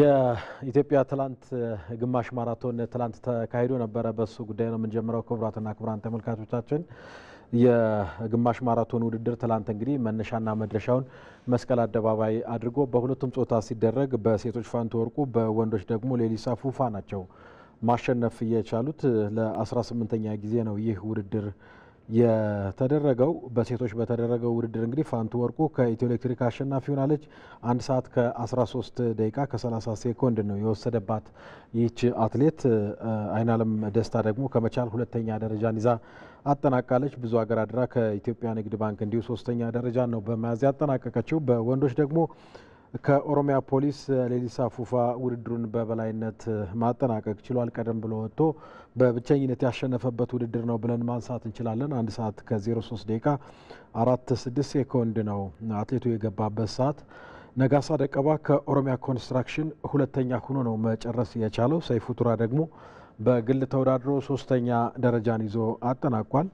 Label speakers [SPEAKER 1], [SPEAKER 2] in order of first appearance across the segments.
[SPEAKER 1] የኢትዮጵያ ትላንት ግማሽ ማራቶን ትላንት ተካሂዶ ነበረ። በሱ ጉዳይ ነው የምንጀምረው። ክቡራትና ክቡራን ተመልካቾቻችን የግማሽ ማራቶን ውድድር ትላንት እንግዲህ መነሻና መድረሻውን መስቀል አደባባይ አድርጎ በሁለቱም ጾታ ሲደረግ በሴቶች ፋንቱ ወርቁ፣ በወንዶች ደግሞ ሌሊሳ ፉፋ ናቸው ማሸነፍ የቻሉት። ለ18ኛ ጊዜ ነው ይህ ውድድር የተደረገው በሴቶች በተደረገው ውድድር እንግዲህ ፋንቱ ወርቁ ከኢትዮ ኤሌክትሪክ አሸናፊ ሆናለች። አንድ ሰዓት ከ13 ደቂቃ ከ30 ሴኮንድ ነው የወሰደባት ይህች አትሌት። አይናለም ደስታ ደግሞ ከመቻል ሁለተኛ ደረጃን ይዛ አጠናቃለች። ብዙ ሀገር አድራ ከኢትዮጵያ ንግድ ባንክ እንዲሁ ሶስተኛ ደረጃ ነው በመያዝ ያጠናቀቀችው። በወንዶች ደግሞ ከኦሮሚያ ፖሊስ ሌሊሳ ፉፋ ውድድሩን በበላይነት ማጠናቀቅ ችሏል። ቀደም ብሎ ወጥቶ በብቸኝነት ያሸነፈበት ውድድር ነው ብለን ማንሳት እንችላለን። አንድ ሰዓት ከ03 ደቂቃ አራት ስድስት ሴኮንድ ነው አትሌቱ የገባበት ሰዓት። ነጋሳ ደቀባ ከኦሮሚያ ኮንስትራክሽን ሁለተኛ ሆኖ ነው መጨረስ የቻለው። ሰይፉ ቱራ ደግሞ በግል ተወዳድሮ ሶስተኛ ደረጃን ይዞ አጠናቋል።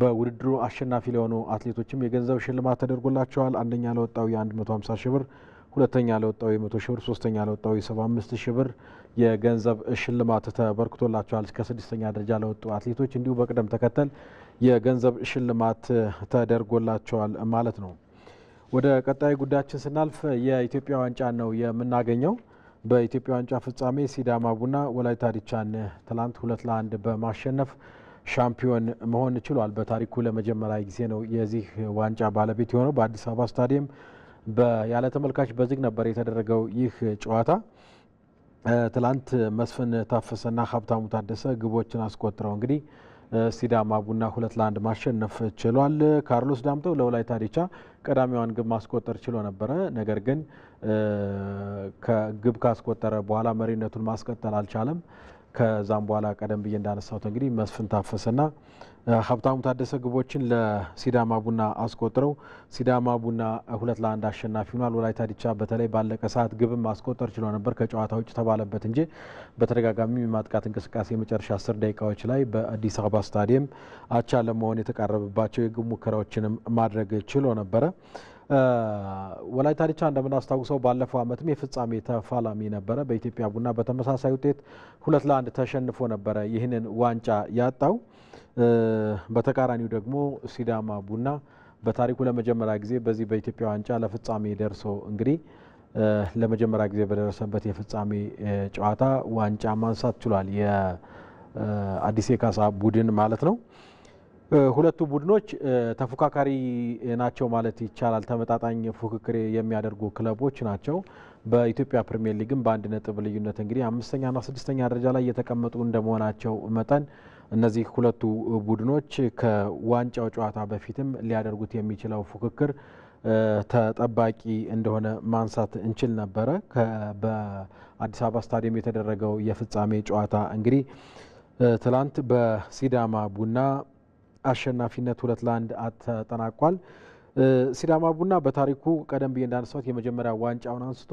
[SPEAKER 1] በውድድሩ አሸናፊ ለሆኑ አትሌቶችም የገንዘብ ሽልማት ተደርጎላቸዋል። አንደኛ ለወጣው የ150 ሺ ብር ሁለተኛ ለወጣው የመቶ ሺህ ብር፣ ሶስተኛ ለወጣው የ አምስት ሺህ ብር የገንዘብ ሽልማት ተበርክቶላቸዋል። እስከ ስድስተኛ ደረጃ ለወጡ አትሌቶች እንዲሁ በቅደም ተከተል የገንዘብ ሽልማት ተደርጎላቸዋል ማለት ነው። ወደ ቀጣይ ጉዳያችን ስናልፍ የኢትዮጵያ ዋንጫ ነው የምናገኘው። በኢትዮጵያ ዋንጫ ፍጻሜ ሲዳማ ቡና ወላይታ ዲቻን ትላንት ሁለት ለአንድ በማሸነፍ ሻምፒዮን መሆን ችሏል። በታሪኩ ለመጀመሪያ ጊዜ ነው የዚህ ዋንጫ ባለቤት የሆነው በአዲስ አበባ ስታዲየም ያለ ተመልካች በዝግ ነበር የተደረገው ይህ ጨዋታ። ትላንት መስፍን ታፈሰና ሀብታሙ ታደሰ ግቦችን አስቆጥረው እንግዲህ ሲዳማ ቡና ሁለት ለአንድ ማሸነፍ ችሏል። ካርሎስ ዳምጠው ለወላይታ ዲቻ ቀዳሚዋን ግብ ማስቆጠር ችሎ ነበረ። ነገር ግን ከግብ ካስቆጠረ በኋላ መሪነቱን ማስቀጠል አልቻለም። ከዛም በኋላ ቀደም ብዬ እንዳነሳሁት እንግዲህ መስፍን ታፈሰና ሀብታሙ ታደሰ ግቦችን ለሲዳማ ቡና አስቆጥረው ሲዳማ ቡና ሁለት ለአንድ አሸናፊ ሆኗል። ወላይታ ዲቻ በተለይ ባለቀ ሰዓት ግብም ማስቆጠር ችሎ ነበር፣ ከጨዋታ ውጭ ተባለበት እንጂ በተደጋጋሚ የማጥቃት እንቅስቃሴ የመጨረሻ አስር ደቂቃዎች ላይ በአዲስ አበባ ስታዲየም አቻ ለመሆን የተቃረበባቸው የግብ ሙከራዎችንም ማድረግ ችሎ ነበረ። ወላይታ ዲቻ እንደምናስታውሰው ባለፈው ዓመትም የፍጻሜ ተፋላሚ ነበረ። በኢትዮጵያ ቡና በተመሳሳይ ውጤት ሁለት ለአንድ ተሸንፎ ነበረ ይህንን ዋንጫ ያጣው። በተቃራኒው ደግሞ ሲዳማ ቡና በታሪኩ ለመጀመሪያ ጊዜ በዚህ በኢትዮጵያ ዋንጫ ለፍጻሜ ደርሶ እንግዲህ ለመጀመሪያ ጊዜ በደረሰበት የፍጻሜ ጨዋታ ዋንጫ ማንሳት ችሏል። የአዲስ የካሳ ቡድን ማለት ነው። ሁለቱ ቡድኖች ተፎካካሪ ናቸው ማለት ይቻላል። ተመጣጣኝ ፉክክር የሚያደርጉ ክለቦች ናቸው። በኢትዮጵያ ፕሪምየር ሊግም በአንድ ነጥብ ልዩነት እንግዲህ አምስተኛና ስድስተኛ ደረጃ ላይ የተቀመጡ እንደመሆናቸው መጠን እነዚህ ሁለቱ ቡድኖች ከዋንጫው ጨዋታ በፊትም ሊያደርጉት የሚችለው ፉክክር ተጠባቂ እንደሆነ ማንሳት እንችል ነበረ። በአዲስ አበባ ስታዲየም የተደረገው የፍጻሜ ጨዋታ እንግዲህ ትላንት በሲዳማ ቡና አሸናፊነት ሁለት ለአንድ ተጠናቋል። ሲዳማ ቡና በታሪኩ ቀደም ብዬ እንዳነሳሁት የመጀመሪያ ዋንጫውን አንስቶ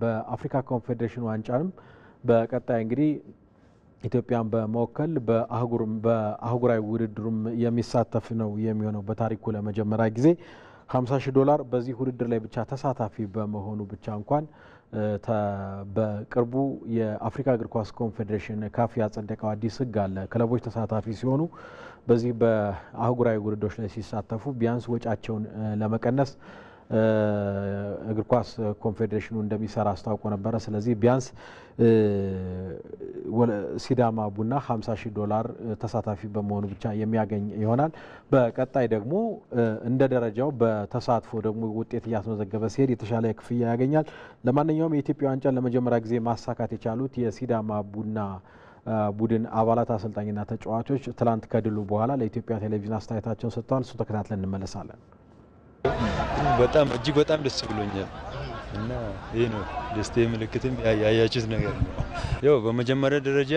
[SPEAKER 1] በአፍሪካ ኮንፌዴሬሽን ዋንጫንም በቀጣይ እንግዲህ ኢትዮጵያን በመወከል በአህጉራዊ ውድድሩም የሚሳተፍ ነው የሚሆነው። በታሪኩ ለመጀመሪያ ጊዜ 50 ሺህ ዶላር በዚህ ውድድር ላይ ብቻ ተሳታፊ በመሆኑ ብቻ እንኳን በቅርቡ የአፍሪካ እግር ኳስ ኮንፌዴሬሽን ካፍ ያጸደቀው አዲስ ሕግ አለ ክለቦች ተሳታፊ ሲሆኑ በዚህ በአህጉራዊ ውድድሮች ላይ ሲሳተፉ ቢያንስ ወጫቸውን ለመቀነስ እግር ኳስ ኮንፌዴሬሽኑ እንደሚሰራ አስታውቆ ነበረ። ስለዚህ ቢያንስ ሲዳማ ቡና 50 ሺህ ዶላር ተሳታፊ በመሆኑ ብቻ የሚያገኝ ይሆናል። በቀጣይ ደግሞ እንደ ደረጃው በተሳትፎ ደግሞ ውጤት እያስመዘገበ ሲሄድ የተሻለ ክፍያ ያገኛል። ለማንኛውም የኢትዮጵያ ዋንጫን ለመጀመሪያ ጊዜ ማሳካት የቻሉት የሲዳማ ቡና ቡድን አባላት አሰልጣኝና ተጫዋቾች ትላንት ከድሉ በኋላ ለኢትዮጵያ ቴሌቪዥን አስተያየታቸውን ሰጥተዋል። እሱ ተከታትለን እንመለሳለን።
[SPEAKER 2] በጣም እጅግ በጣም ደስ ብሎኛል እና ይህ ነው ደስቴ ምልክትም ያያችሁት ነገር ነው። ያው በመጀመሪያ ደረጃ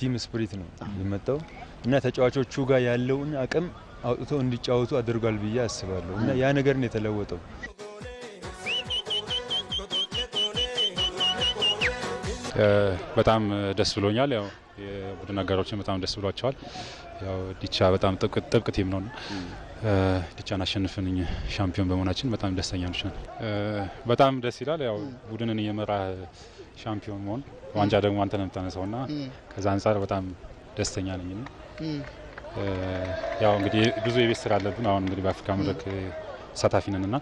[SPEAKER 2] ቲም ስፕሪት ነው የመጣው እና ተጫዋቾቹ ጋር ያለውን አቅም አውጥቶ እንዲጫወቱ አድርጓል ብዬ አስባለሁ እና ያ ነገር ነው የተለወጠው።
[SPEAKER 3] በጣም ደስ ብሎኛል። ያው የቡድን አጋሮችን በጣም ደስ ብሏቸዋል። ያው ዲቻ በጣም ጥብቅ ቲም ነው። ዲቻን አሸንፈን ሻምፒዮን በመሆናችን በጣም ደስተኛ ነች። በጣም ደስ ይላል። ያው ቡድንን እየመራ ሻምፒዮን መሆን ዋንጫ ደግሞ አንተ ነው የምታነሳው ና ከዛ አንጻር በጣም ደስተኛ ነኝ። ያው እንግዲህ ብዙ የቤት ስራ አለብን። አሁን እንግዲህ በአፍሪካ መድረክ ተሳታፊ ነን ና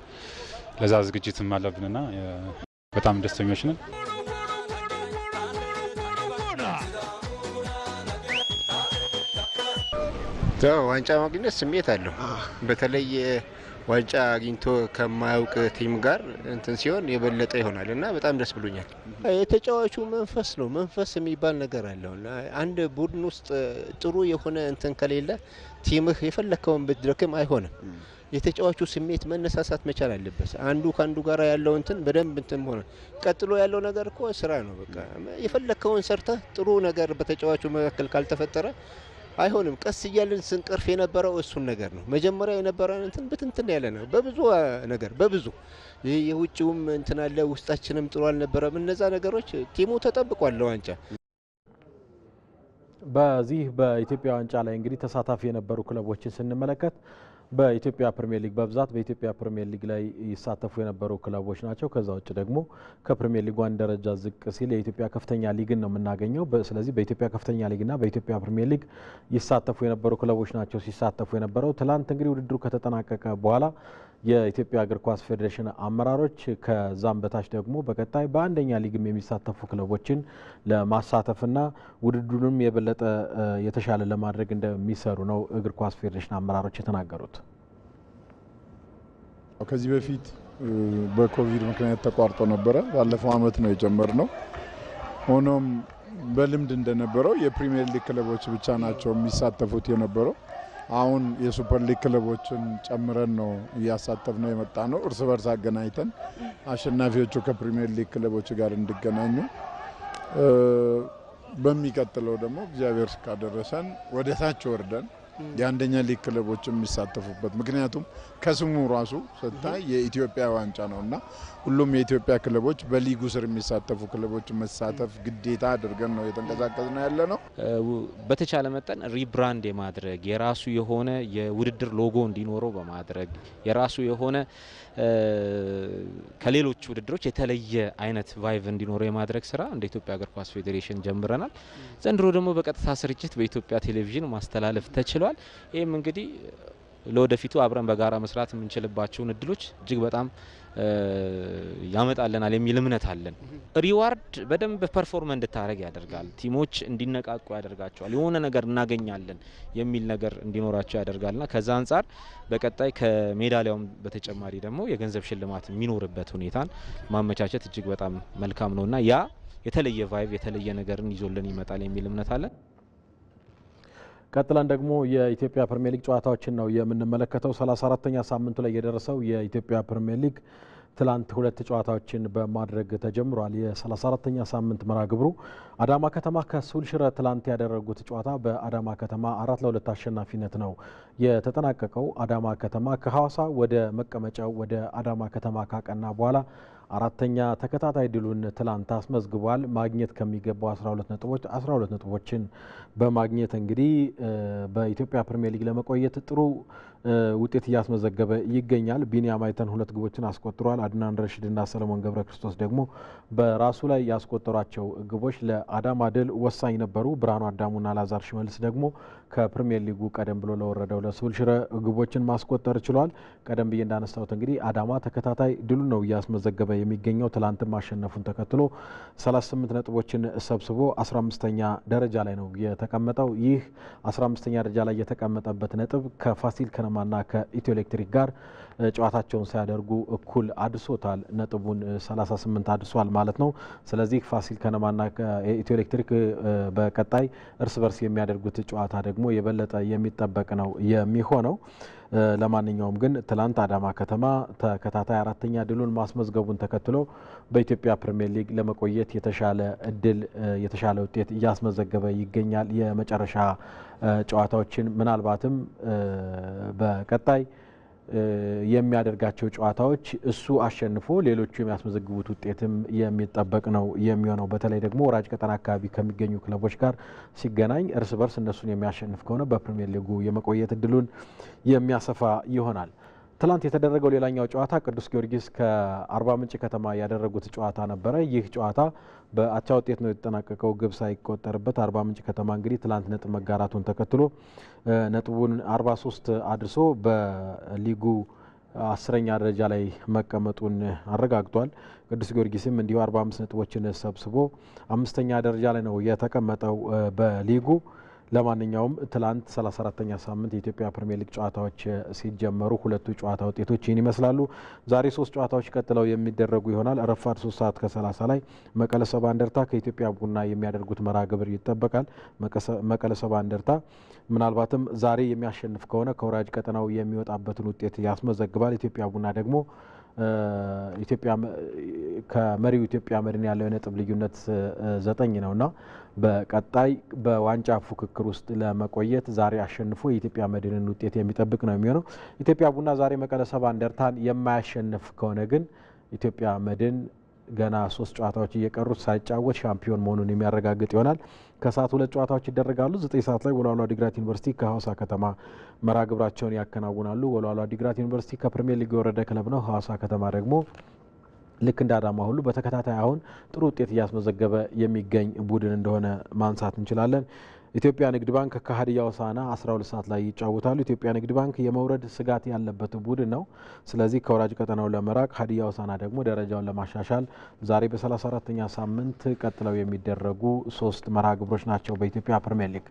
[SPEAKER 3] ለዛ ዝግጅትም አለብን ና በጣም ደስተኞች ነን።
[SPEAKER 2] ዋንጫ ማግኘት ስሜት አለው። በተለይ ዋንጫ አግኝቶ ከማያውቅ ቲም ጋር እንትን ሲሆን የበለጠ ይሆናል እና በጣም ደስ ብሎኛል። የተጫዋቹ መንፈስ ነው መንፈስ የሚባል ነገር አለው አንድ ቡድን ውስጥ ጥሩ የሆነ እንትን ከሌለ ቲምህ የፈለከውን ብትደክም አይሆንም። የተጫዋቹ ስሜት መነሳሳት መቻል አለበት። አንዱ ከአንዱ ጋር ያለው እንትን በደንብ እንትን ሆነ። ቀጥሎ ያለው ነገር እኮ ስራ ነው። በቃ የፈለከውን ሰርተህ ጥሩ ነገር በተጫዋቹ መካከል ካልተፈጠረ አይሆንም። ቀስ እያለን ስንቀርፍ የነበረው እሱን ነገር ነው። መጀመሪያ የነበረን እንትን ብትንትን ያለ ነው በብዙ ነገር በብዙ የውጭውም እንትን አለ፣ ውስጣችንም ጥሩ አልነበረም። እነዛ ነገሮች ቲሙ ተጠብቋል ለዋንጫ
[SPEAKER 1] በዚህ በኢትዮጵያ ዋንጫ ላይ እንግዲህ ተሳታፊ የነበሩ ክለቦችን ስንመለከት በኢትዮጵያ ፕሪሚየር ሊግ በብዛት በኢትዮጵያ ፕሪሚየር ሊግ ላይ ይሳተፉ የነበሩ ክለቦች ናቸው። ከዛ ውጭ ደግሞ ከፕሪሚየር ሊጉ አንድ ደረጃ ዝቅ ሲል የኢትዮጵያ ከፍተኛ ሊግን ነው የምናገኘው። ስለዚህ በኢትዮጵያ ከፍተኛ ሊግና በኢትዮጵያ ፕሪሚየር ሊግ ይሳተፉ የነበሩ ክለቦች ናቸው ሲሳተፉ የነበረው። ትላንት እንግዲህ ውድድሩ ከተጠናቀቀ በኋላ የኢትዮጵያ እግር ኳስ ፌዴሬሽን አመራሮች ከዛም በታች ደግሞ በቀጣይ በአንደኛ ሊግም የሚሳተፉ ክለቦችን ለማሳተፍና ውድድሩንም የበለጠ የተሻለ ለማድረግ እንደሚሰሩ ነው እግር ኳስ ፌዴሬሽን አመራሮች የተናገሩት።
[SPEAKER 4] ከዚህ በፊት በኮቪድ ምክንያት ተቋርጦ ነበረ። ባለፈው ዓመት ነው የጀመርነው። ሆኖም በልምድ እንደነበረው የፕሪሚየር ሊግ ክለቦች ብቻ ናቸው የሚሳተፉት የነበረው አሁን የሱፐር ሊግ ክለቦችን ጨምረን ነው እያሳተፍ ነው የመጣ ነው። እርስ በርስ አገናኝተን አሸናፊዎቹ ከፕሪሚየር ሊግ ክለቦች ጋር እንዲገናኙ በሚቀጥለው ደግሞ እግዚአብሔር እስካደረሰን ወደ ታች ወርደን የአንደኛ ሊግ ክለቦች የሚሳተፉበት ምክንያቱም ከስሙ ራሱ ስታይ የኢትዮጵያ ዋንጫ ነው እና ሁሉም የኢትዮጵያ ክለቦች በሊጉ ስር የሚሳተፉ ክለቦች መሳተፍ ግዴታ አድርገን ነው የተንቀሳቀስ ነው ያለ ነው።
[SPEAKER 5] በተቻለ መጠን ሪብራንድ የማድረግ የራሱ የሆነ የውድድር ሎጎ እንዲኖረው በማድረግ የራሱ የሆነ ከሌሎች ውድድሮች የተለየ አይነት ቫይቭ እንዲኖረው የማድረግ ስራ እንደ ኢትዮጵያ እግር ኳስ ፌዴሬሽን ጀምረናል። ዘንድሮ ደግሞ በቀጥታ ስርጭት በኢትዮጵያ ቴሌቪዥን ማስተላለፍ ተችሏል። ችሏል። ይህም እንግዲህ ለወደፊቱ አብረን በጋራ መስራት የምንችልባቸውን እድሎች እጅግ በጣም ያመጣልናል የሚል እምነት አለን። ሪዋርድ በደንብ ፐርፎርም እንድታደረግ ያደርጋል። ቲሞች እንዲነቃቁ ያደርጋቸዋል። የሆነ ነገር እናገኛለን የሚል ነገር እንዲኖራቸው ና ከዛ አንጻር በቀጣይ ከሜዳሊያውም በተጨማሪ ደግሞ የገንዘብ ሽልማት የሚኖርበት ሁኔታን ማመቻቸት እጅግ በጣም መልካም ነውና ያ የተለየ ቫይብ የተለየ ነገርን ይዞልን ይመጣል የሚል እምነት አለን።
[SPEAKER 1] ቀጥለን ደግሞ የኢትዮጵያ ፕሪሚየር ሊግ ጨዋታዎችን ነው የምንመለከተው። 34ተኛ ሳምንቱ ላይ የደረሰው የኢትዮጵያ ፕሪሚየር ሊግ ትላንት ሁለት ጨዋታዎችን በማድረግ ተጀምሯል። 34 ተኛ ሳምንት መርሃ ግብሩ አዳማ ከተማ ከሱል ሽረ ትላንት ያደረጉት ጨዋታ በአዳማ ከተማ አራት ለሁለት አሸናፊነት ነው የተጠናቀቀው። አዳማ ከተማ ከሐዋሳ ወደ መቀመጫው ወደ አዳማ ከተማ ካቀና በኋላ አራተኛ ተከታታይ ድሉን ትላንት አስመዝግቧል። ማግኘት ከሚገባው 12 ነጥቦች 12 ነጥቦችን በማግኘት እንግዲህ በኢትዮጵያ ፕሪሚየር ሊግ ለመቆየት ጥሩ ውጤት እያስመዘገበ ይገኛል። ቢኒያም አይተን ሁለት ግቦችን አስቆጥሯል። አድናን ረሽድና ሰለሞን ገብረ ክርስቶስ ደግሞ በራሱ ላይ ያስቆጠሯቸው ግቦች ለአዳማ ድል ወሳኝ ነበሩ። ብርሃኑ አዳሙና ላዛር ሽመልስ ደግሞ ከፕሪሚየር ሊጉ ቀደም ብሎ ለወረደው ለስውል ሽረ ግቦችን ማስቆጠር ችሏል። ቀደም ብዬ እንዳነሳሁት እንግዲህ አዳማ ተከታታይ ድሉ ነው እያስመዘገበ የሚገኘው። ትላንት ማሸነፉን ተከትሎ 38 ነጥቦችን ሰብስቦ 15ኛ ደረጃ ላይ ነው የተቀመጠው። ይህ 15ኛ ደረጃ ላይ የተቀመጠበት ነጥብ ከፋሲል ከነማና ከኢትዮ ኤሌክትሪክ ጋር ጨዋታቸውን ሳያደርጉ እኩል አድሶታል። ነጥቡን 38 አድሷል ማለት ነው። ስለዚህ ፋሲል ከነማና ኢትዮ ኤሌክትሪክ በቀጣይ እርስ በርስ የሚያደርጉት ጨዋታ ደግሞ የበለጠ የሚጠበቅ ነው የሚሆነው። ለማንኛውም ግን ትላንት አዳማ ከተማ ተከታታይ አራተኛ ድሉን ማስመዝገቡን ተከትሎ በኢትዮጵያ ፕሪምየር ሊግ ለመቆየት የተሻለ እድል የተሻለ ውጤት እያስመዘገበ ይገኛል። የመጨረሻ ጨዋታዎችን ምናልባትም በቀጣይ የሚያደርጋቸው ጨዋታዎች እሱ አሸንፎ ሌሎቹ የሚያስመዘግቡት ውጤትም የሚጠበቅ ነው የሚሆነው። በተለይ ደግሞ ወራጅ ቀጠና አካባቢ ከሚገኙ ክለቦች ጋር ሲገናኝ እርስ በርስ እነሱን የሚያሸንፍ ከሆነ በፕሪሚየር ሊጉ የመቆየት እድሉን የሚያሰፋ ይሆናል። ትላንት የተደረገው ሌላኛው ጨዋታ ቅዱስ ጊዮርጊስ ከአርባ ምንጭ ከተማ ያደረጉት ጨዋታ ነበረ። ይህ ጨዋታ በአቻ ውጤት ነው የተጠናቀቀው፣ ግብ ሳይቆጠርበት። አርባ ምንጭ ከተማ እንግዲህ ትላንት ነጥብ መጋራቱን ተከትሎ ነጥቡን 43 አድርሶ በሊጉ አስረኛ ደረጃ ላይ መቀመጡን አረጋግጧል። ቅዱስ ጊዮርጊስም እንዲሁ 45 ነጥቦችን ሰብስቦ አምስተኛ ደረጃ ላይ ነው የተቀመጠው በሊጉ ለማንኛውም ትላንት 34ተኛ ሳምንት የኢትዮጵያ ፕሪሚየር ሊግ ጨዋታዎች ሲጀመሩ ሁለቱ ጨዋታ ውጤቶች ይህን ይመስላሉ። ዛሬ ሶስት ጨዋታዎች ቀጥለው የሚደረጉ ይሆናል። ረፋድ ሶስት ሰዓት ከ30 ላይ መቀለ ሰባ እንደርታ ከኢትዮጵያ ቡና የሚያደርጉት መርሃ ግብር ይጠበቃል። መቀለ ሰባ እንደርታ ምናልባትም ዛሬ የሚያሸንፍ ከሆነ ከወራጅ ቀጠናው የሚወጣበትን ውጤት ያስመዘግባል። ኢትዮጵያ ቡና ደግሞ ከመሪው ኢትዮጵያ መድን ያለው የነጥብ ልዩነት ዘጠኝ ነውና በቀጣይ በዋንጫ ፉክክር ውስጥ ለመቆየት ዛሬ አሸንፎ የኢትዮጵያ መድንን ውጤት የሚጠብቅ ነው የሚሆነው። ኢትዮጵያ ቡና ዛሬ መቀለ ሰባ እንደርታን የማያሸንፍ ከሆነ ግን ኢትዮጵያ መድን ገና ሶስት ጨዋታዎች እየቀሩት ሳይጫወት ሻምፒዮን መሆኑን የሚያረጋግጥ ይሆናል። ከሰዓት ሁለት ጨዋታዎች ይደረጋሉ። ዘጠኝ ሰዓት ላይ ወሏሏ ዲግራት ዩኒቨርሲቲ ከሀዋሳ ከተማ መራግብራቸውን ግብራቸውን ያከናውናሉ። ወላሏ ዲግራት ዩኒቨርሲቲ ከፕሪሚየር ሊግ የወረደ ክለብ ነው። ሀዋሳ ከተማ ደግሞ ልክ እንደ አዳማ ሁሉ በተከታታይ አሁን ጥሩ ውጤት እያስመዘገበ የሚገኝ ቡድን እንደሆነ ማንሳት እንችላለን። ኢትዮጵያ ንግድ ባንክ ከሀዲያ ሆሳዕና 12 ሰዓት ላይ ይጫወታሉ። ኢትዮጵያ ንግድ ባንክ የመውረድ ስጋት ያለበት ቡድን ነው። ስለዚህ ከወራጅ ቀጠናው ለመራቅ ሀዲያ ሆሳዕና ደግሞ ደረጃውን ለማሻሻል ዛሬ በ34ኛ ሳምንት ቀጥለው የሚደረጉ ሶስት መርሃ ግብሮች ናቸው በኢትዮጵያ ፕሪሚየር ሊግ።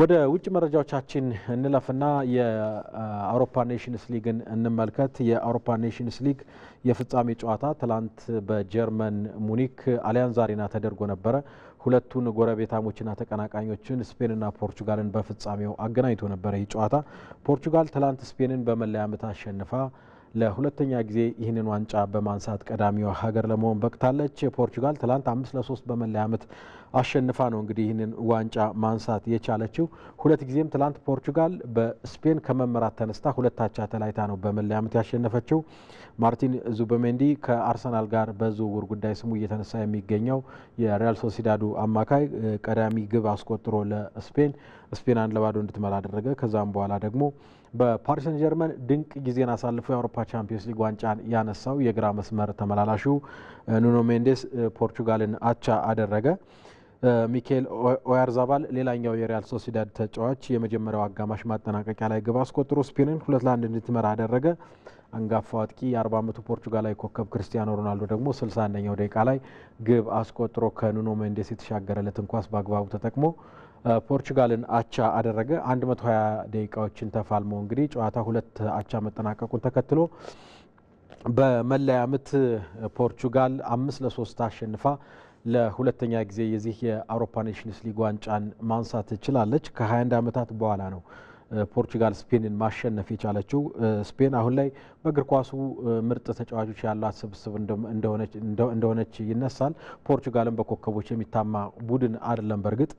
[SPEAKER 1] ወደ ውጭ መረጃዎቻችን እንለፍና የአውሮፓ ኔሽንስ ሊግን እንመልከት። የአውሮፓ ኔሽንስ ሊግ የፍጻሜ ጨዋታ ትላንት በጀርመን ሙኒክ አሊያንዝ አሬና ተደርጎ ነበረ። ሁለቱን ጎረቤታሞችና ተቀናቃኞችን ስፔንና ፖርቹጋልን በፍጻሜው አገናኝቶ ነበረ። ይህ ጨዋታ ፖርቹጋል ትላንት ስፔንን በመለያ ምት አሸንፋ ለሁለተኛ ጊዜ ይህንን ዋንጫ በማንሳት ቀዳሚዋ ሀገር ለመሆን በቅታለች። ፖርቹጋል ትላንት አምስት ለሶስት በመለያ ምት አሸንፋ ነው እንግዲህ ይህንን ዋንጫ ማንሳት የቻለችው። ሁለት ጊዜም ትላንት ፖርቹጋል በስፔን ከመመራት ተነስታ ሁለታቻ ተላይታ ነው በመለያ ምት ያሸነፈችው። ማርቲን ዙበሜንዲ ከአርሰናል ጋር በዝውውር ጉዳይ ስሙ እየተነሳ የሚገኘው የሪያል ሶሲዳዱ አማካይ ቀዳሚ ግብ አስቆጥሮ ለስፔን ስፔን ለባዶ እንድትመራ አደረገ። ከዛም በኋላ ደግሞ በፓሪሰን ጀርመን ድንቅ ጊዜን አሳልፎ የአውሮፓ ቻምፒዮንስ ሊግ ዋንጫን ያነሳው የግራ መስመር ተመላላሹ ኑኖ ሜንዴስ ፖርቹጋልን አቻ አደረገ። ሚካኤል ኦያርዛባል ሌላኛው የሪያል ሶሲዳድ ተጫዋች የመጀመሪያው አጋማሽ ማጠናቀቂያ ላይ ግብ አስቆጥሮ ስፔንን ሁለት ለአንድ እንድትመራ አደረገ። አንጋፋው አጥቂ የ40 ዓመቱ ፖርቹጋላዊ ኮከብ ክርስቲያኖ ሮናልዶ ደግሞ 61ኛው ደቂቃ ላይ ግብ አስቆጥሮ ከኑኖ ሜንዴስ የተሻገረለትን ኳስ በአግባቡ ተጠቅሞ ፖርቹጋልን አቻ አደረገ። 120 ደቂቃዎችን ተፋልሞ እንግዲህ ጨዋታ ሁለት አቻ መጠናቀቁን ተከትሎ በመለያ ምት ፖርቹጋል አምስት ለሶስት አሸንፋ ለሁለተኛ ጊዜ የዚህ የአውሮፓ ኔሽንስ ሊግ ዋንጫን ማንሳት ትችላለች። ከ21 ዓመታት በኋላ ነው ፖርቹጋል ስፔንን ማሸነፍ የቻለችው። ስፔን አሁን ላይ በእግር ኳሱ ምርጥ ተጫዋቾች ያሏት ስብስብ እንደሆነች ይነሳል። ፖርቹጋልን በኮከቦች የሚታማ ቡድን አይደለም በእርግጥ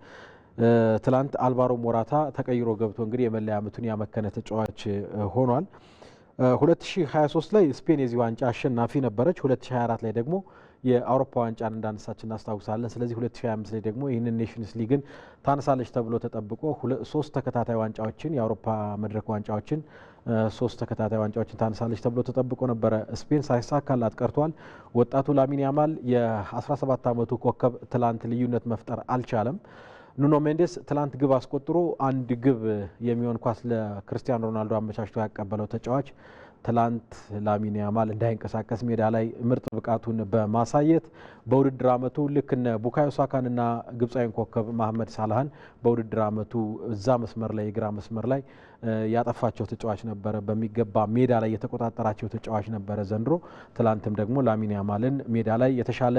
[SPEAKER 1] ትላንት አልቫሮ ሞራታ ተቀይሮ ገብቶ እንግዲህ የመለያ ምቱን ያመከነ ተጫዋች ሆኗል። 2023 ላይ ስፔን የዚህ ዋንጫ አሸናፊ ነበረች። 2024 ላይ ደግሞ የአውሮፓ ዋንጫን እንዳነሳች እናስታውሳለን። ስለዚህ 2025 ላይ ደግሞ ይህንን ኔሽንስ ሊግን ታነሳለች ተብሎ ተጠብቆ ሶስት ተከታታይ ዋንጫዎችን የአውሮፓ መድረክ ዋንጫዎችን ሶስት ተከታታይ ዋንጫዎችን ታነሳለች ተብሎ ተጠብቆ ነበረ። ስፔን ሳይሳካላት ቀርቷል። ወጣቱ ላሚን ያማል የ17 ዓመቱ ኮከብ ትላንት ልዩነት መፍጠር አልቻለም። ኑኖ ሜንዴስ ትላንት ግብ አስቆጥሮ አንድ ግብ የሚሆን ኳስ ለክርስቲያኖ ሮናልዶ አመቻችቶ ያቀበለው ተጫዋች ትላንት ላሚን ያማል እንዳይንቀሳቀስ ሜዳ ላይ ምርጥ ብቃቱን በማሳየት በውድድር አመቱ ልክ እነ ቡካዮ ሳካንና ግብፃዊን ኮከብ ማህመድ ሳላህን በውድድር አመቱ እዛ መስመር ላይ የግራ መስመር ላይ ያጠፋቸው ተጫዋች ነበረ። በሚገባ ሜዳ ላይ የተቆጣጠራቸው ተጫዋች ነበረ ዘንድሮ። ትላንትም ደግሞ ላሚን ያማልን ሜዳ ላይ የተሻለ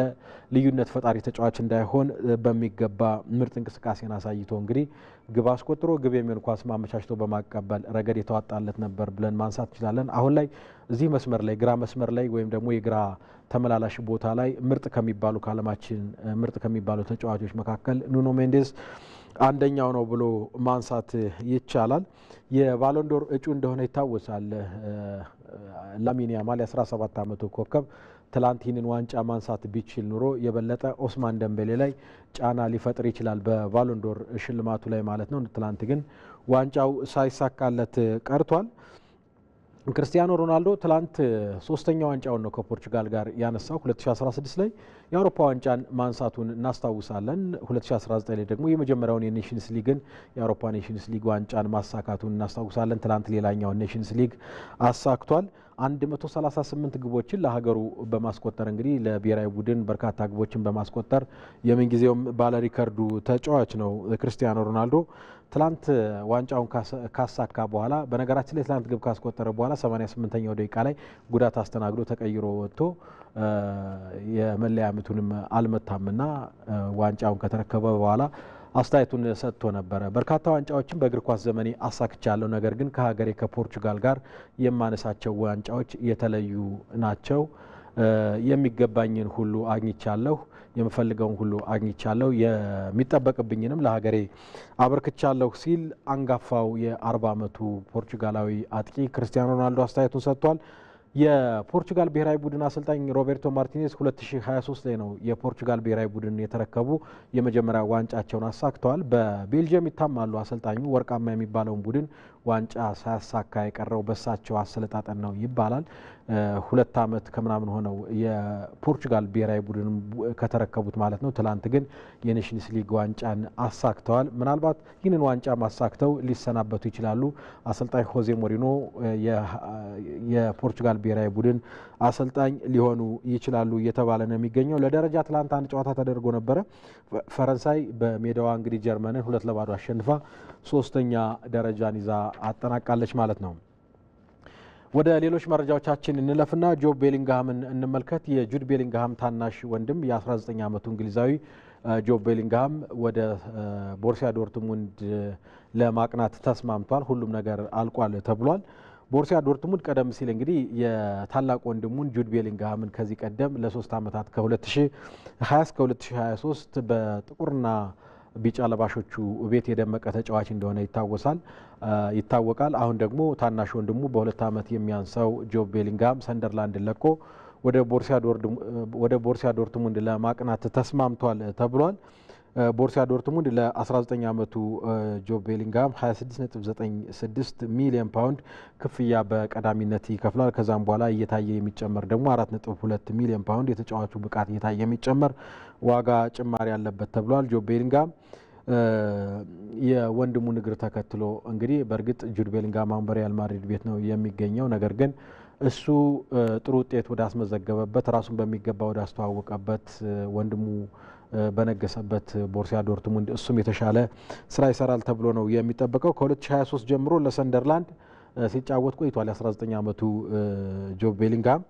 [SPEAKER 1] ልዩነት ፈጣሪ ተጫዋች እንዳይሆን በሚገባ ምርጥ እንቅስቃሴን አሳይቶ እንግዲህ ግብ አስቆጥሮ ግብ የሚሆን ኳስ ማመቻችቶ በማቀበል ረገድ የተዋጣለት ነበር ብለን ማንሳት እንችላለን። አሁን ላይ እዚህ መስመር ላይ ግራ መስመር ላይ ወይም ደግሞ የግራ ተመላላሽ ቦታ ላይ ምርጥ ከሚባሉ ከዓለማችን ምርጥ ከሚባሉ ተጫዋቾች መካከል ኑኖ ሜንዴስ አንደኛው ነው ብሎ ማንሳት ይቻላል። የባሎንዶር እጩ እንደሆነ ይታወሳል። ላሚን ያማል የ17 ዓመቱ ኮከብ ትላንት ይህንን ዋንጫ ማንሳት ቢችል ኑሮ የበለጠ ኦስማን ደንቤሌ ላይ ጫና ሊፈጥር ይችላል፣ በቫሎንዶር ሽልማቱ ላይ ማለት ነው። ትላንት ግን ዋንጫው ሳይሳካለት ቀርቷል። ክርስቲያኖ ሮናልዶ ትላንት ሶስተኛ ዋንጫውን ነው ከፖርቹጋል ጋር ያነሳው። 2016 ላይ የአውሮፓ ዋንጫን ማንሳቱን እናስታውሳለን። 2019 ላይ ደግሞ የመጀመሪያውን የኔሽንስ ሊግን የአውሮፓ ኔሽንስ ሊግ ዋንጫን ማሳካቱን እናስታውሳለን። ትላንት ሌላኛውን ኔሽንስ ሊግ አሳክቷል። 138 ግቦችን ለሀገሩ በማስቆጠር እንግዲህ ለብሔራዊ ቡድን በርካታ ግቦችን በማስቆጠር የምንጊዜውም ባለሪከርዱ ተጫዋች ነው ክርስቲያኖ ሮናልዶ። ትላንት ዋንጫውን ካሳካ በኋላ በነገራችን ላይ ትላንት ግብ ካስቆጠረ በኋላ 88ኛው ደቂቃ ላይ ጉዳት አስተናግዶ ተቀይሮ ወጥቶ የመለያ ምቱንም አልመታምና ዋንጫውን ከተረከበ በኋላ አስተያየቱን ሰጥቶ ነበረ። በርካታ ዋንጫዎችን በእግር ኳስ ዘመኔ አሳክቻለሁ፣ ነገር ግን ከሀገሬ ከፖርቹጋል ጋር የማነሳቸው ዋንጫዎች የተለዩ ናቸው። የሚገባኝን ሁሉ አግኝቻለሁ፣ የምፈልገውን ሁሉ አግኝቻለሁ፣ የሚጠበቅብኝንም ለሀገሬ አበርክቻለሁ ሲል አንጋፋው የአርባ ዓመቱ ፖርቹጋላዊ አጥቂ ክርስቲያኖ ሮናልዶ አስተያየቱን ሰጥቷል። የፖርቹጋል ብሔራዊ ቡድን አሰልጣኝ ሮቤርቶ ማርቲኔዝ 2023 ላይ ነው የፖርቹጋል ብሔራዊ ቡድን የተረከቡ የመጀመሪያ ዋንጫቸውን አሳክተዋል። በቤልጅየም ይታማሉ። አሰልጣኙ ወርቃማ የሚባለውን ቡድን ዋንጫ ሳያሳካ የቀረው በሳቸው አሰለጣጠን ነው ይባላል። ሁለት ዓመት ከምናምን ሆነው የፖርቹጋል ብሔራዊ ቡድን ከተረከቡት ማለት ነው። ትላንት ግን የኔሽንስ ሊግ ዋንጫን አሳክተዋል። ምናልባት ይህንን ዋንጫ ማሳክተው ሊሰናበቱ ይችላሉ። አሰልጣኝ ሆዜ ሞሪኖ የፖርቹጋል ብሔራዊ ቡድን አሰልጣኝ ሊሆኑ ይችላሉ እየተባለ ነው የሚገኘው። ለደረጃ ትላንት አንድ ጨዋታ ተደርጎ ነበረ። ፈረንሳይ በሜዳዋ እንግዲህ ጀርመንን ሁለት ለባዶ አሸንፋ ሶስተኛ ደረጃን ይዛ አጠናቃለች ማለት ነው። ወደ ሌሎች መረጃዎቻችን እንለፍና ጆብ ቤሊንግሃምን እንመልከት። የጁድ ቤሊንግሃም ታናሽ ወንድም የ19 ዓመቱ እንግሊዛዊ ጆብ ቤሊንግሃም ወደ ቦርሲያ ዶርትሙንድ ለማቅናት ተስማምቷል። ሁሉም ነገር አልቋል ተብሏል። ቦርሲያ ዶርትሙንድ ቀደም ሲል እንግዲህ የታላቅ ወንድሙን ጁድ ቤሊንግሃምን ከዚህ ቀደም ለሶስት ዓመታት ከ2020 እስከ 2023 በጥቁርና ቢጫ ለባሾቹ ቤት የደመቀ ተጫዋች እንደሆነ ይታወሳል ይታወቃል። አሁን ደግሞ ታናሽ ወንድሙ በሁለት ዓመት የሚያንሰው ጆብ ቤሊንጋም ሰንደርላንድ ለቆ ወደ ቦርሲያ ዶርትሙንድ ለማቅናት ተስማምቷል ተብሏል። ቦርሲያ ዶርትሙንድ ለ19 ዓመቱ ጆ ቤሊንጋም 26.96 ሚሊዮን ፓውንድ ክፍያ በቀዳሚነት ይከፍላል። ከዛም በኋላ እየታየ የሚጨመር ደግሞ 4.2 ሚሊዮን ፓውንድ የተጫዋቹ ብቃት እየታየ የሚጨመር ዋጋ ጭማሪ ያለበት ተብሏል። ጆ ቤሊንጋም የወንድሙን እግር ተከትሎ እንግዲህ በእርግጥ ጁድ ቤሊንጋም አሁን በሪያል ማድሪድ ቤት ነው የሚገኘው ነገር ግን እሱ ጥሩ ውጤት ወዳስመዘገበበት ራሱን በሚገባ ወዳስተዋወቀበት ወንድሙ በነገሰበት ቦርሲያ ዶርትሙንድ እሱም የተሻለ ስራ ይሰራል ተብሎ ነው የሚጠበቀው። ከ2023 ጀምሮ ለሰንደርላንድ ሲጫወት ቆይቷል። የ19 ዓመቱ ጆብ ቤሊንግሃም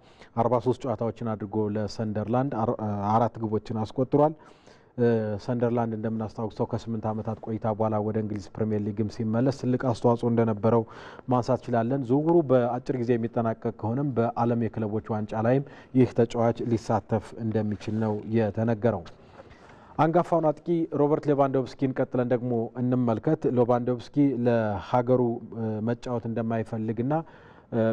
[SPEAKER 1] 43 ጨዋታዎችን አድርጎ ለሰንደርላንድ አራት ግቦችን አስቆጥሯል። ሰንደርላንድ እንደምናስታውሰው ከስምንት ዓመታት ቆይታ በኋላ ወደ እንግሊዝ ፕሪምየር ሊግም ሲመለስ ትልቅ አስተዋጽኦ እንደነበረው ማንሳት ችላለን። ዝውውሩ በአጭር ጊዜ የሚጠናቀቅ ከሆነም በዓለም የክለቦች ዋንጫ ላይም ይህ ተጫዋች ሊሳተፍ እንደሚችል ነው የተነገረው። አንጋፋውን አጥቂ ሮበርት ሌቫንዶቭስኪን ቀጥለን ደግሞ እንመልከት። ሌቫንዶቭስኪ ለሀገሩ መጫወት እንደማይፈልግና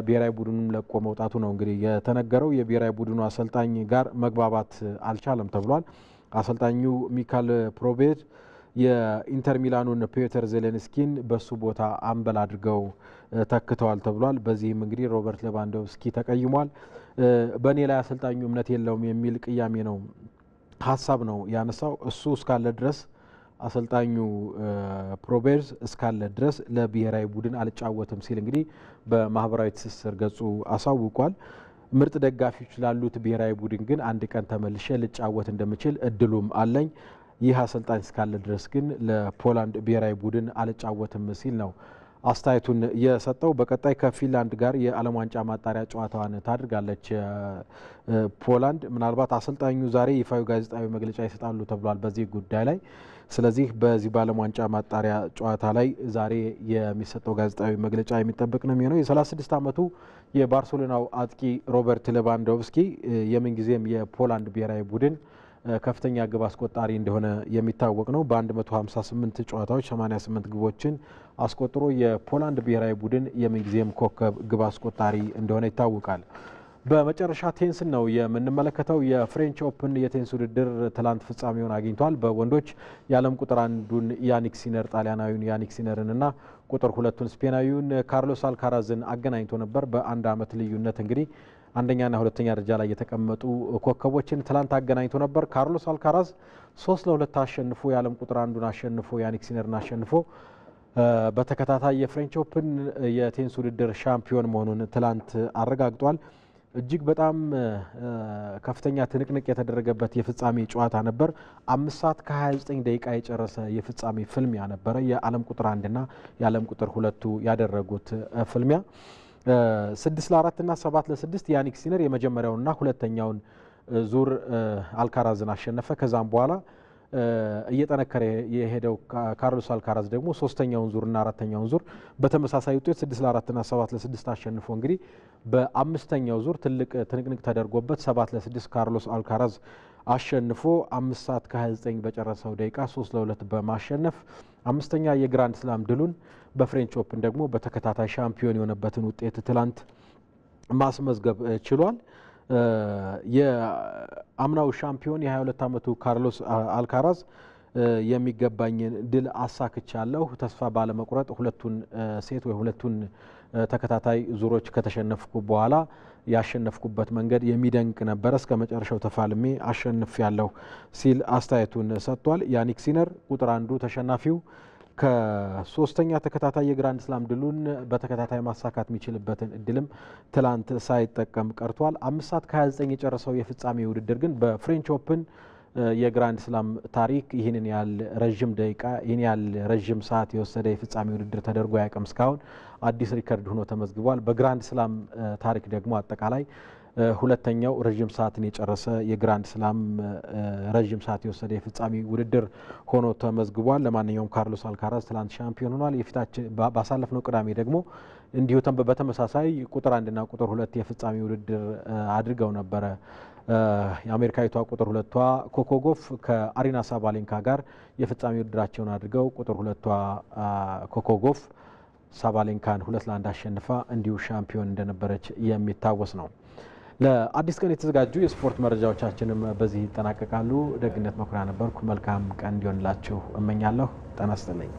[SPEAKER 1] ብሔራዊ ቡድኑም ለቆ መውጣቱ ነው እንግዲህ የተነገረው። የብሔራዊ ቡድኑ አሰልጣኝ ጋር መግባባት አልቻለም ተብሏል። አሰልጣኙ ሚካል ፕሮቤድ የኢንተር ሚላኑን ፒዮተር ዜሌንስኪን በሱ ቦታ አምበል አድርገው ተክተዋል ተብሏል። በዚህም እንግዲህ ሮበርት ሌቫንዶቭስኪ ተቀይሟል። በእኔ ላይ አሰልጣኙ እምነት የለውም የሚል ቅያሜ ነው ሀሳብ ነው ያነሳው። እሱ እስካለ ድረስ አሰልጣኙ ፕሮቤርዝ እስካለ ድረስ ለብሔራዊ ቡድን አልጫወትም ሲል እንግዲህ በማህበራዊ ትስስር ገጹ አሳውቋል። ምርጥ ደጋፊዎች ላሉት ብሔራዊ ቡድን ግን አንድ ቀን ተመልሼ ልጫወት እንደምችል እድሉም አለኝ። ይህ አሰልጣኝ እስካለ ድረስ ግን ለፖላንድ ብሔራዊ ቡድን አልጫወትም ሲል ነው አስተያየቱን የሰጠው። በቀጣይ ከፊንላንድ ጋር የዓለም ዋንጫ ማጣሪያ ጨዋታዋን ታድርጋለች ፖላንድ። ምናልባት አሰልጣኙ ዛሬ ይፋዊ ጋዜጣዊ መግለጫ ይሰጣሉ ተብሏል በዚህ ጉዳይ ላይ። ስለዚህ በዚህ በዓለም ዋንጫ ማጣሪያ ጨዋታ ላይ ዛሬ የሚሰጠው ጋዜጣዊ መግለጫ የሚጠበቅ ነው የሚሆነው። የ36 ዓመቱ የባርሴሎናው አጥቂ ሮበርት ሌቫንዶቭስኪ የምንጊዜም የፖላንድ ብሔራዊ ቡድን ከፍተኛ ግብ አስቆጣሪ እንደሆነ የሚታወቅ ነው። በ158 ጨዋታዎች 88 ግቦችን አስቆጥሮ የፖላንድ ብሔራዊ ቡድን የምንጊዜም ኮከብ ግብ አስቆጣሪ እንደሆነ ይታወቃል። በመጨረሻ ቴንስ ነው የምንመለከተው። የፍሬንች ኦፕን የቴኒስ ውድድር ትላንት ፍጻሜውን አግኝቷል። በወንዶች የዓለም ቁጥር አንዱን ያኒክ ሲነር ጣሊያናዊውን ያኒክ ቁጥር ሁለቱን ስፔናዊውን ካርሎስ አልካራዝን አገናኝቶ ነበር በአንድ ዓመት ልዩነት እንግዲህ አንደኛና ሁለተኛ ደረጃ ላይ የተቀመጡ ኮከቦችን ትላንት አገናኝቶ ነበር። ካርሎስ አልካራዝ ሶስት ለሁለት አሸንፎ የዓለም ቁጥር አንዱን አሸንፎ ያኒክ ሲነርን አሸንፎ በተከታታይ የፍሬንች ኦፕን የቴኒስ ውድድር ሻምፒዮን መሆኑን ትላንት አረጋግጧል። እጅግ በጣም ከፍተኛ ትንቅንቅ የተደረገበት የፍጻሜ ጨዋታ ነበር። አምስት ሰዓት ከ29 ደቂቃ የጨረሰ የፍጻሜ ፍልሚያ ነበረ። የዓለም ቁጥር አንድና የዓለም ቁጥር ሁለቱ ያደረጉት ፍልሚያ ስድስት ለአራት ና ሰባት ለስድስት ያኒክ ሲነር ና ሁለተኛውን ዙር አልካራዝን አሸነፈ። ከዛም በኋላ እየጠነከረ የሄደው ካርሎስ አልካራዝ ደግሞ ሶስተኛውን ዙርና አራተኛውን ዙር በተመሳሳይ ውጤት ስድስት ና ሰባት ለስድስት አሸንፎ እንግዲህ በአምስተኛው ዙር ትልቅ ትንቅንቅ ተደርጎበት ሰባት ለስድስት ካርሎስ አልካራዝ አሸንፎ አምስት ሰዓት ከ29 በጨረሰው ደቂቃ ሶስት ለሁለት በማሸነፍ አምስተኛ የግራንድ ስላም ድሉን በፍሬንች ኦፕን ደግሞ በተከታታይ ሻምፒዮን የሆነበትን ውጤት ትላንት ማስመዝገብ ችሏል። የአምናው ሻምፒዮን የ22 ዓመቱ ካርሎስ አልካራዝ የሚገባኝን ድል አሳክቻለሁ፣ ተስፋ ባለመቁረጥ ሁለቱን ሴት ወይ ሁለቱን ተከታታይ ዙሮች ከተሸነፍኩ በኋላ ያሸነፍኩበት መንገድ የሚደንቅ ነበረ፣ እስከ መጨረሻው ተፋልሜ አሸንፍ ያለሁ ሲል አስተያየቱን ሰጥቷል። ያኒክ ሲነር ቁጥር አንዱ ተሸናፊው ከሶስተኛ ተከታታይ የግራንድ ስላም ድሉን በተከታታይ ማሳካት የሚችልበትን እድልም ትላንት ሳይጠቀም ቀርቷል። አምስት ሰዓት ከ29 የጨረሰው የፍጻሜ ውድድር ግን በፍሬንች ኦፕን የግራንድ ስላም ታሪክ ይህንን ያህል ረዥም ደቂቃ ይህን ያህል ረዥም ሰዓት የወሰደ የፍጻሜ ውድድር ተደርጎ አያውቅም። እስካሁን አዲስ ሪከርድ ሆኖ ተመዝግቧል። በግራንድ ስላም ታሪክ ደግሞ አጠቃላይ ሁለተኛው ረዥም ሰዓትን የጨረሰ የግራንድ ስላም ረዥም ሰዓት የወሰደ የፍጻሜ ውድድር ሆኖ ተመዝግቧል። ለማንኛውም ካርሎስ አልካራዝ ትላንት ሻምፒዮን ሆኗል። የፊታችን ባሳለፍነው ቅዳሜ ደግሞ እንዲሁ በተመሳሳይ ቁጥር አንድና ቁጥር ሁለት የፍጻሜ ውድድር አድርገው ነበረ። የአሜሪካዊቷ ቁጥር ሁለቷ ኮኮጎፍ ከአሪና ሳባሌንካ ጋር የፍጻሜ ውድድራቸውን አድርገው ቁጥር ሁለቷ ኮኮጎፍ ሳባሌንካን ሁለት ለአንድ አሸንፋ እንዲሁ ሻምፒዮን እንደነበረች የሚታወስ ነው። ለአዲስ ቀን የተዘጋጁ የስፖርት መረጃዎቻችንም በዚህ ይጠናቀቃሉ። ደግነት መኩሪያ ነበርኩ። መልካም ቀን እንዲሆንላችሁ እመኛለሁ። ጤና ይስጥልኝ።